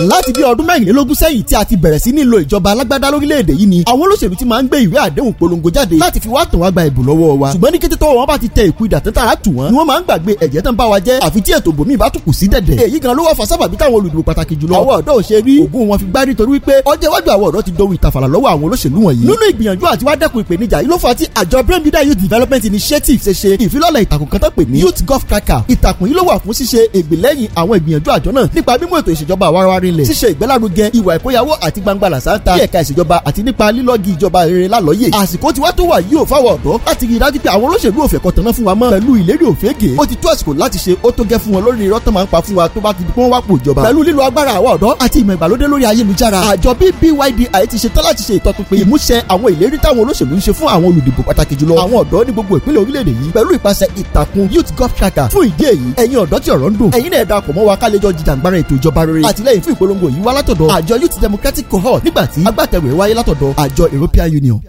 láti bí ọdún mẹ́rìnlélógún sẹ́yìn tí a ti bẹ̀rẹ̀ sí ní lo ìjọba alágbádá lórílẹ̀‐èdè yìí ni àwọn olóṣèlú ti máa ń gbé ìwé àdéhùn polongo jáde láti fi wá tàn wá gba ìbò lọ́wọ́ wa ṣùgbọ́n ní kété tọ́wọ́ wọn bá ti tẹ ìkú ìdà tààrà tù wọ́n ni wọ́n máa ń gbàgbé ẹ̀jẹ̀ tán bá wa jẹ́ àfi tí ètò bòmí bá tún kù sí dẹ̀dẹ̀ èyí gan ló wà fa sábàbí táwọn olùdìbò pàtàkì jùlọ àwọn ọ̀dọ́ ò ṣe rí ògùn wọn fi gbá nítorí wípé ọjọ́ iwájú àwọn ọ̀dọ́ ti dohun ìtàfàlà lọ́wọ́ àwọn olóṣèlú wọ̀nyí nínú ìgbìyànjú àti wá dẹ́kun ìpèníjà yìí ló fà á tí àjọ brain leader youth development initiative youth gov tracker ìtàkùn yìí ló wà fún ṣíṣe ìgbìlẹ́yìn àwọn ìgbìyànjú àjọ náà nípa mímú ètò ìṣèjọba arinlẹ̀ ṣíṣe ìgbélárugẹ ìwà ìkóyàwó àti gbangba làṣáńtà ní ẹ̀ka ìṣèjọba àti nípa lílọ́gì ìjọba rere lálọ́yè àsìkò tiwa tó wà yìí ò fáwọn ọ̀dọ́ láti rí i dájú pé àwọn olóṣèlú òfẹ́ kan tanná fún wa mọ́ pẹ̀lú ìlérí òfégè ó ti tó àsìkò láti ṣe ó tó gẹ́ fún wọn lórí irọ́ tó máa ń pa fún wa tó bá ti di pé wọ́n wá pò ìjọba pẹ̀lú lílo agbára àwọn ọ̀dọ́ àti ìmọ̀ ìgbàlódé lórí ayélujára àjọ BBYDI ti ṣe tán láti ṣe ìtọ́pinpin ìmúṣẹ àwọn ìlérí táwọn olóṣèlú ń ṣe fún àwọn olùdìbò pàtàkì jùlọ àwọn ọ̀dọ́ ní youth gov tracker fún ìdí èyí ẹ̀yin ọ̀dọ́ tí ọ̀rọ̀ ń dùn ẹ̀yin náà darapọ̀ mọ́ wa ká lè jọ jìjàǹgbara ètò ìpolongo yìí wá látọ̀dọ̀ àjọ youth democratic cohort nígbà tí agbátẹrù ẹ̀ wáyé látọ̀dọ̀ àjọ european union.